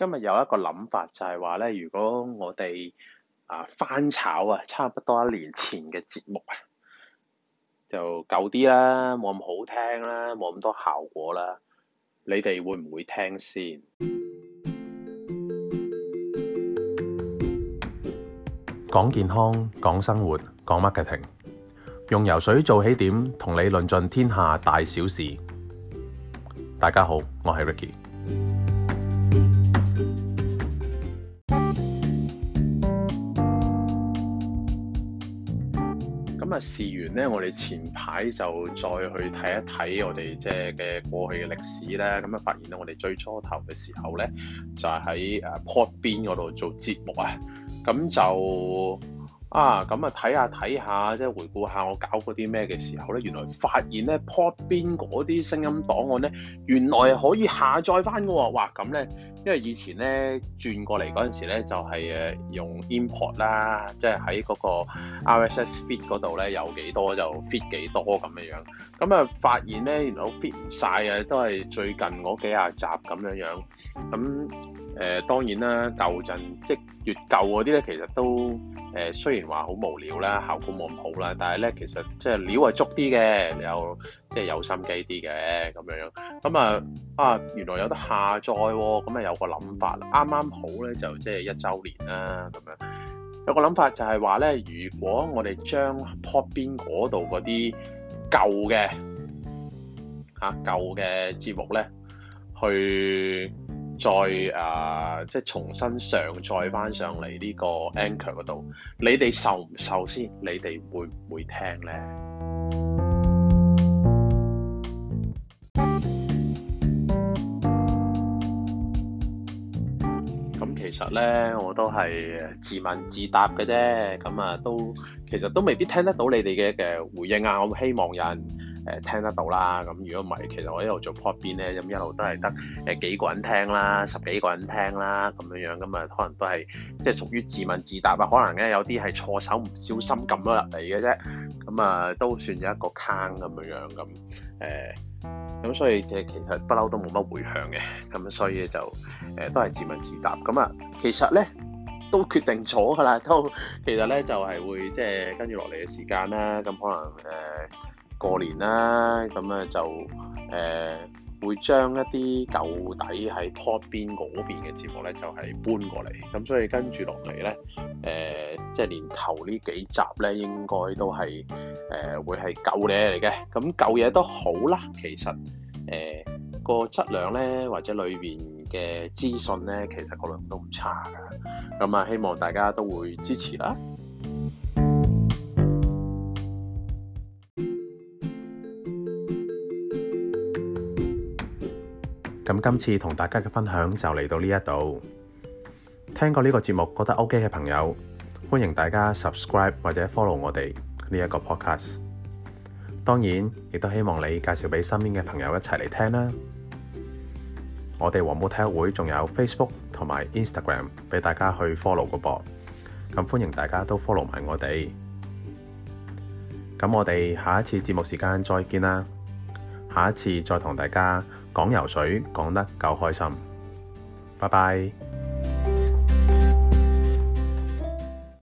今日有一個諗法，就係話咧，如果我哋啊翻炒啊，差不多一年前嘅節目啊，就舊啲啦，冇咁好聽啦，冇咁多效果啦，你哋會唔會聽先？講健康，講生活，講 marketing，用游水做起點，同你論盡天下大小事。大家好，我係 Ricky。咁啊，試完咧，我哋前排就再去睇一睇我哋即係嘅過去嘅歷史咧。咁啊，發現咧，我哋最初頭嘅時候咧，就係喺誒 PodBean 嗰度做節目咁就啊。咁就啊，咁啊，睇下睇下，即係回顧下我搞嗰啲咩嘅時候咧。原來發現咧 PodBean 嗰啲聲音檔案咧，原來係可以下載翻嘅喎。哇！咁咧～因為以前咧轉過嚟嗰陣時咧，就係誒用 import 啦，即係喺嗰個 RSS feed 嗰度咧，有幾多就 fit 幾多咁嘅樣。咁啊，發現咧，原來 fit 唔晒啊，都係最近嗰幾廿集咁樣樣咁。誒、呃、當然啦，舊陣即係越舊嗰啲咧，其實都誒雖然話好無聊啦，效果冇咁好啦，但係咧其實即係料係足啲嘅，又即係有心機啲嘅咁樣。咁啊啊原來有得下載喎、啊，咁啊有個諗法，啱啱好咧就即係一周年啦、啊、咁樣。有個諗法就係話咧，如果我哋將 PodBean 嗰度嗰啲舊嘅嚇、啊、舊嘅節目咧去。再啊，即係重新上載翻上嚟呢個 Anchor 嗰度，你哋受唔受先？你哋會唔會聽呢？咁其實呢，我都係自問自答嘅啫。咁啊，都其實都未必聽得到你哋嘅嘅回應啊。我希望人。誒聽得到啦，咁如果唔係，其實我一路做 PodBean 咧，咁一路都係得誒幾個人聽啦，十幾個人聽啦，咁樣樣咁啊，可能都係即係屬於自問自答啊，可能咧有啲係錯手唔小心撳咗入嚟嘅啫，咁啊都算咗一個坑咁樣樣咁誒，咁、欸、所以嘅其實不嬲都冇乜回響嘅，咁所以就誒、欸、都係自問自答，咁啊其實咧都決定咗㗎喇，都其實咧就係、是、會即係跟住落嚟嘅時間啦，咁可能誒。欸過年啦，咁啊就誒、呃、會將一啲舊底喺 PodBean 嗰邊嘅節目咧，就係、是、搬過嚟。咁所以跟住落嚟咧，誒即係連頭呢幾集咧，應該都係誒、呃、會係舊嘢嚟嘅。咁舊嘢都好啦，其實誒個、呃、質量咧，或者裏邊嘅資訊咧，其實個量都唔差㗎。咁啊，希望大家都會支持啦。咁今次同大家嘅分享就嚟到呢一度，聽過呢個節目覺得 OK 嘅朋友，歡迎大家 subscribe 或者 follow 我哋呢一個 podcast。當然，亦都希望你介紹俾身邊嘅朋友一齊嚟聽啦。我哋黃埔體育會仲有 Facebook 同埋 Instagram 俾大家去 follow 個噃，咁歡迎大家都 follow 埋我哋。咁我哋下一次節目時間再見啦，下一次再同大家。講游水講得夠開心，拜拜。